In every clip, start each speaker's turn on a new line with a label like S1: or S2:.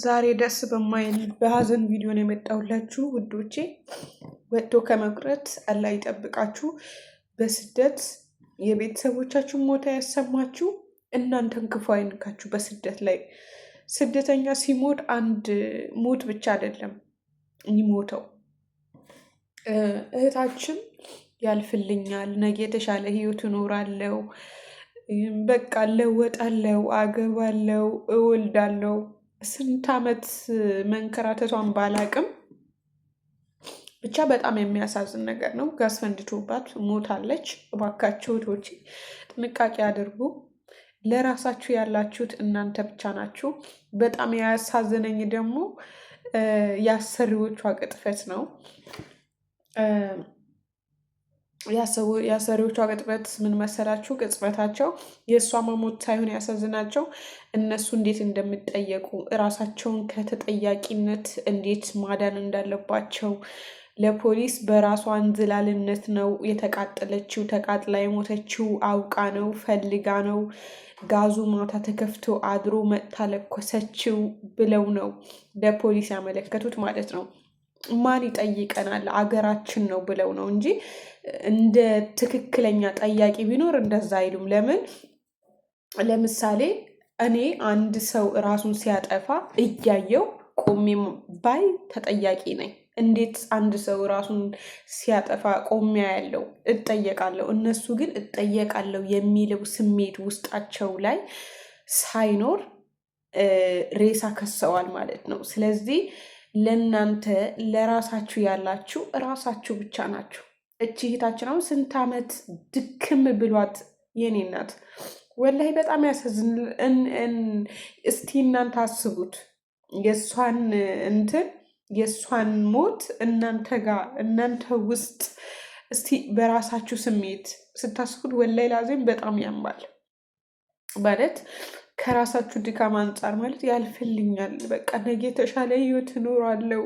S1: ዛሬ ደስ በማይል በሀዘን ቪዲዮ ነው የመጣሁላችሁ ውዶቼ። ወጥቶ ከመቅረት አላህ ይጠብቃችሁ። በስደት የቤተሰቦቻችሁን ሞታ ያሰማችሁ፣ እናንተን ክፉ አይንካችሁ። በስደት ላይ ስደተኛ ሲሞት አንድ ሞት ብቻ አይደለም የሚሞተው። እህታችን ያልፍልኛል፣ ነገ የተሻለ ህይወት እኖራለሁ፣ በቃ እለወጣለሁ፣ አገባለሁ፣ እወልዳለሁ ስንት ዓመት መንከራተቷን ባላቅም ብቻ በጣም የሚያሳዝን ነገር ነው። ጋዝ ፈንድቶባት ሞታለች። እባካችሁ ቶች ጥንቃቄ አድርጉ። ለራሳችሁ ያላችሁት እናንተ ብቻ ናችሁ። በጣም ያሳዘነኝ ደግሞ የአሰሪዎቿ ቅጥፈት ነው። የአሰሪዎቿ ቅጥበት ምን መሰላችሁ? ቅጽበታቸው የእሷ መሞት ሳይሆን ያሳዝናቸው እነሱ እንዴት እንደሚጠየቁ እራሳቸውን ከተጠያቂነት እንዴት ማዳን እንዳለባቸው ለፖሊስ በራሷ ዝላልነት ነው የተቃጠለችው። ተቃጥላ የሞተችው አውቃ ነው ፈልጋ ነው ጋዙ ማታ ተከፍቶ አድሮ መጥታ ለኮሰችው ብለው ነው ለፖሊስ ያመለከቱት ማለት ነው። ማን ይጠይቀናል? አገራችን ነው ብለው ነው እንጂ እንደ ትክክለኛ ጠያቂ ቢኖር እንደዛ አይሉም። ለምን ለምሳሌ እኔ አንድ ሰው ራሱን ሲያጠፋ እያየው ቆሜ ባይ ተጠያቂ ነኝ። እንዴት አንድ ሰው ራሱን ሲያጠፋ ቆሜ ያለው እጠየቃለሁ። እነሱ ግን እጠየቃለሁ የሚለው ስሜት ውስጣቸው ላይ ሳይኖር ሬሳ ከሰዋል ማለት ነው። ስለዚህ ለእናንተ ለራሳችሁ ያላችሁ ራሳችሁ ብቻ ናችሁ። እቺ እህታችን አሁን ስንት ዓመት ድክም ብሏት የኔ እናት ወላይ በጣም ያሳዝን። እስቲ እናንተ አስቡት የእሷን እንትን የእሷን ሞት እናንተ ጋር እናንተ ውስጥ እስቲ በራሳችሁ ስሜት ስታስቡት ወላይ ላዜም በጣም ያማል ማለት ከራሳችሁ ድካም አንጻር ማለት ያልፍልኛል፣ በቃ ነገ የተሻለ ህይወት እኖራለሁ።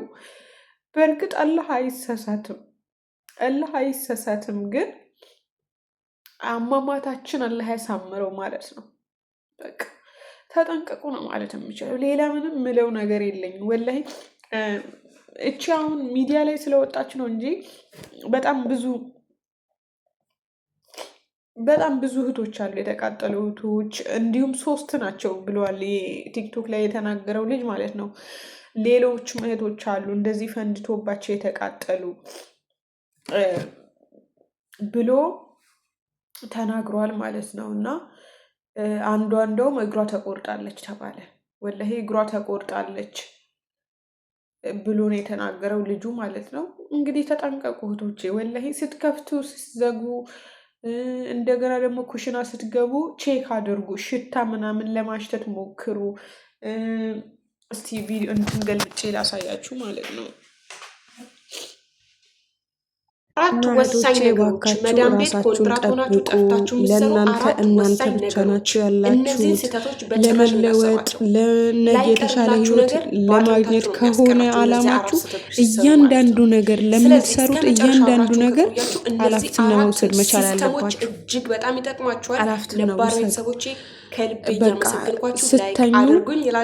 S1: በእርግጥ አላህ አይሳሳትም። አላህ አይሰሳትም፣ ግን አሟሟታችን አላህ ያሳምረው ማለት ነው። በቃ ተጠንቀቁ ነው ማለት የሚችለው። ሌላ ምንም ምለው ነገር የለኝም። ወላሂ እቺ አሁን ሚዲያ ላይ ስለወጣች ነው እንጂ በጣም ብዙ በጣም ብዙ እህቶች አሉ፣ የተቃጠሉ እህቶች እንዲሁም ሶስት ናቸው ብለዋል ቲክቶክ ላይ የተናገረው ልጅ ማለት ነው። ሌሎችም እህቶች አሉ እንደዚህ ፈንድቶባቸው የተቃጠሉ ብሎ ተናግሯል ማለት ነው። እና አንዷ እንደውም እግሯ ተቆርጣለች ተባለ። ወላሂ እግሯ ተቆርጣለች ብሎ ነው የተናገረው ልጁ ማለት ነው። እንግዲህ ተጠንቀቁ እህቶቼ፣ ወላሂ ስትከፍቱ ስትዘጉ፣ እንደገና ደግሞ ኩሽና ስትገቡ ቼክ አድርጉ። ሽታ ምናምን ለማሽተት ሞክሩ። እስቲ ቪዲዮ እንትን ገልጬ ላሳያችሁ ማለት ነው። አራት ወሳኝ ነገሮች መዳም ቤት ኮንትራት ሆናችሁ ጠፍታችሁ የሚሰሩ አራት ወሳኝ ነገሮች እነዚህን ስህተቶች ለመለወጥ ለነገ የተሻለ ህይወት ለማግኘት ከሆነ አላማችሁ እያንዳንዱ ነገር ለምትሰሩት እያንዳንዱ ነገር ኃላፊነት መውሰድ መቻል አለባችሁ። እጅግ በጣም ይጠቅማችኋል። ነባር ቤተሰቦቼ ስተኙ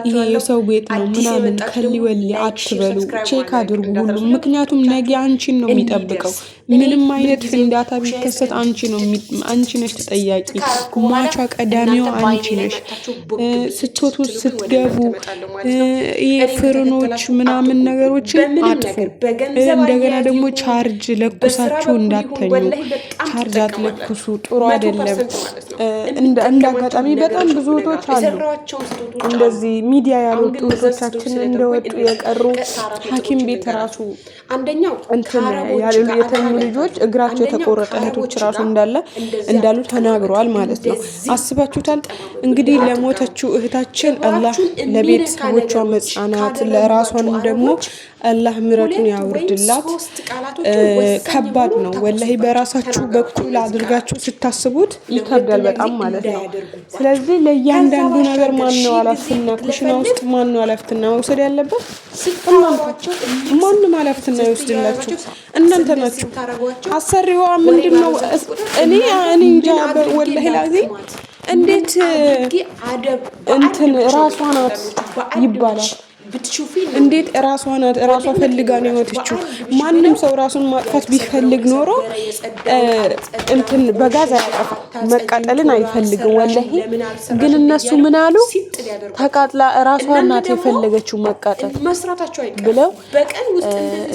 S1: ይሄ የሰው ቤት ነው ምናምን ከሊወሊ አትበሉ፣ ቼክ አድርጉ ሁሉ። ምክንያቱም ነገ አንቺን ነው የሚጠብቀው። ምንም አይነት ፍንዳታ ቢከሰት አንቺ ነው አንቺ ነሽ ተጠያቂ። ሟቿ ቀዳሚዋ አንቺ ነሽ። ስትወቱ ስትገቡ ፍርኖች ምናምን ነገሮችን አጥፉ። እንደገና ደግሞ ቻርጅ ለኩሳችሁ እንዳተኙ። ቻርጅ አትለኩሱ፣ ጥሩ አይደለም። እንደ አጋጣሚ በጣም ብዙ እህቶች አሉ እንደዚህ ሚዲያ ያልወጡ እህቶቻችን እንደወጡ የቀሩ ሐኪም ቤት ራሱ እንትን ያሉ የተኙ ልጆች እግራቸው የተቆረጠ እህቶች ራሱ እንዳለ እንዳሉ ተናግረዋል ማለት ነው። አስባችሁታል እንግዲህ ለሞተችው እህታችን አላህ ለቤተሰቦቿ መጽናናት ለራሷንም ደግሞ አላህ ምረቱን ያውርድላት። ከባድ ነው ወላሂ በራሳችሁ በኩል አድርጋችሁ ስታስቡት ይከብዳል። በጣም ማለት ነው። ስለዚህ ለእያንዳንዱ ነገር ማነው ኃላፊትና ኩሽና ውስጥ ማነው ኃላፊትና መውሰድ ያለበት? እናንታችሁ። ማንም ኃላፊትና ይወስድላችሁ እናንተ ናችሁ። አሰሪዋ ምንድን ነው? እኔ እኔ እንጃ ወላሂ ላዜ እንዴት እንትን ራሷ ናት ይባላል እንዴት እራሷ ናት እራሷ ፈልጋ ነው የሞተችው። ማንም ሰው ራሱን ማጥፋት ቢፈልግ ኖሮ እንትን በጋዝ አያጠፋ መቃጠልን አይፈልግም። ወላሂ ግን እነሱ ምን አሉ? ተቃጥላ እራሷ ናት የፈለገችው መቃጠል ብለው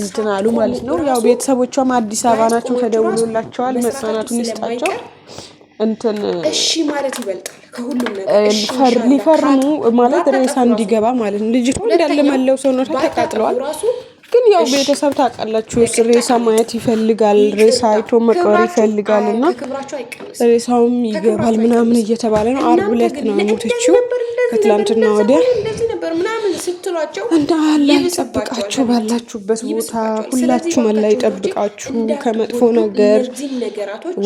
S1: እንትን አሉ ማለት ነው። ያው ቤተሰቦቿም አዲስ አበባ ናቸው፣ ተደውሎላቸዋል። መጽናናቱን ይስጣቸው። እንትን እሺ ማለት ይበልጣል ከሁሉም ነገር። ሊፈርሙ ማለት ሬሳ እንዲገባ ማለት ነው። ልጅቱ እንዳለ ሰው ነው ተቃጥለዋል። ግን ያው ቤተሰብ ታውቃላችሁ፣ ሬሳ ማየት ይፈልጋል፣ ሬሳ አይቶ መቅበር ይፈልጋል። እና ሬሳውም ይገባል ምናምን እየተባለ ነው። አርብ ዕለት ነው የሞተችው ከትላንትና ወዲያ ነበር ምናምን ስትሏቸው እና አላህ ይጠብቃችሁ፣ ባላችሁበት ቦታ ሁላችሁ መላ ይጠብቃችሁ ከመጥፎ ነገር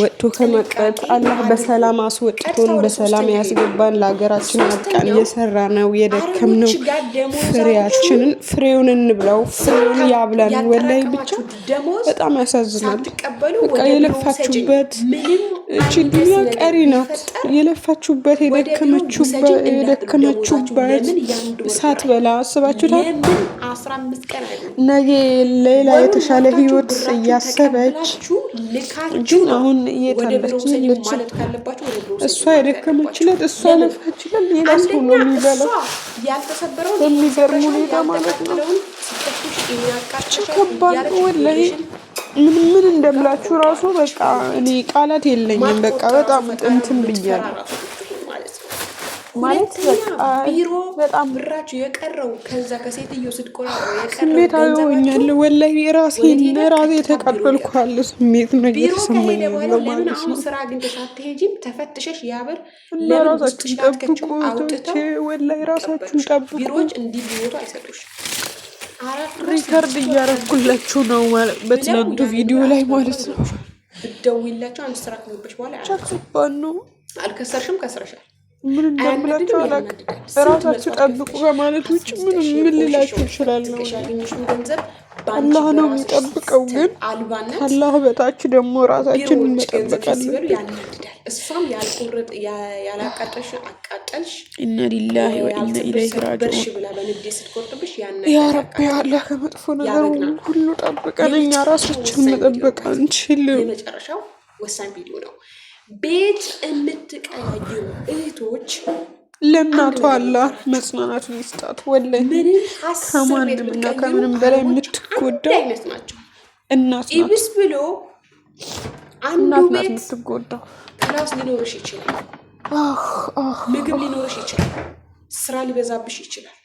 S1: ወጥቶ ከመቅረት። አላህ በሰላም አስወጥቶን በሰላም ያስገባን፣ ለሀገራችን አብቃን የሰራ ነው የደከም ነው ፍሬያችንን ፍሬውን እንብላው፣ ፍሬውን ያብላን። ወላይ ብቻ ደሞዝ በጣም ያሳዝናል። በቃ የለፋችሁበት እቺ ዱኒያ ቀሪ ናት። የለፋችሁበት የደከመችሁበት ሳትበላ አስባችሁታል። ነገ ሌላ የተሻለ ህይወት እያሰበች ግን አሁን እየታለች ልች እሷ የደከመችለት እሷ ለፋችለን ሌላ ሰው ነው የሚበላው። በሚገርም ሁኔታ ማለት ነው ከባድ ወላሂ። ምን ምን እንደምላችሁ ራሱ በቃ እኔ ቃላት የለኝም። በቃ በጣም እንትን ብያለሁ ማለት የቀረው ከዛ ወላሂ ራሴን ራሴ የተቀበልኳለ ስሜት ነው የተሰማኝ ያለው ማለት ነው። ስራ ግን ሳትሄጂም ተፈትሸሽ ያበር ራሳችን ጠብቁ ወላሂ ራሳችን ጠብቁ ቢሮዎች እንዲህ ሊወጡ አይሰጡሽ ሪከርድ እያረኩላችሁ ነው በትናንቱ ቪዲዮ ላይ ማለት ነው። እደውይላቸው አንድ ስራ ከሚበች በኋላ ቻሱባኑ አልከሰርሽም፣ ከስረሻል። ምን እንደምላቸው አላውቅም። እራሳችሁ ጠብቁ ከማለት ውጭ ምን ምን ልላችሁ እችላለሁ? አላህ ነው የሚጠብቀው፣ ግን አላህ በታች ደግሞ እራሳችን እንጠብቃለን። እሷም ያልቁርጥ ያላቃጠልሽ አቃጠልሽ እና ሊላ ወኢና ኢለይሂ ራጂዑን ብላ በንዴ ስትቆርጥብሽ ያ ረቢ አላህ ከመጥፎ ነገር ሁሉ ጠብቀን፣ እኛ ራሳችን መጠበቅ አንችልም። የመጨረሻው ወሳኝ ቪዲዮ ነው። ቤት የምትቀያየሩ እህቶች ለእናቱ አላ መጽናናቱን ይስጣት። ወላሂ ከማንም እና ከምንም በላይ የምትጎዳ እናት ናት። ብሎ አንዱ ቤት የምትጎዳው ክላስ ሊኖርሽ ይችላል፣ ምግብ ሊኖርሽ ይችላል፣ ስራ ሊበዛብሽ ይችላል።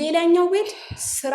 S1: ሌላኛው ቤት ስራ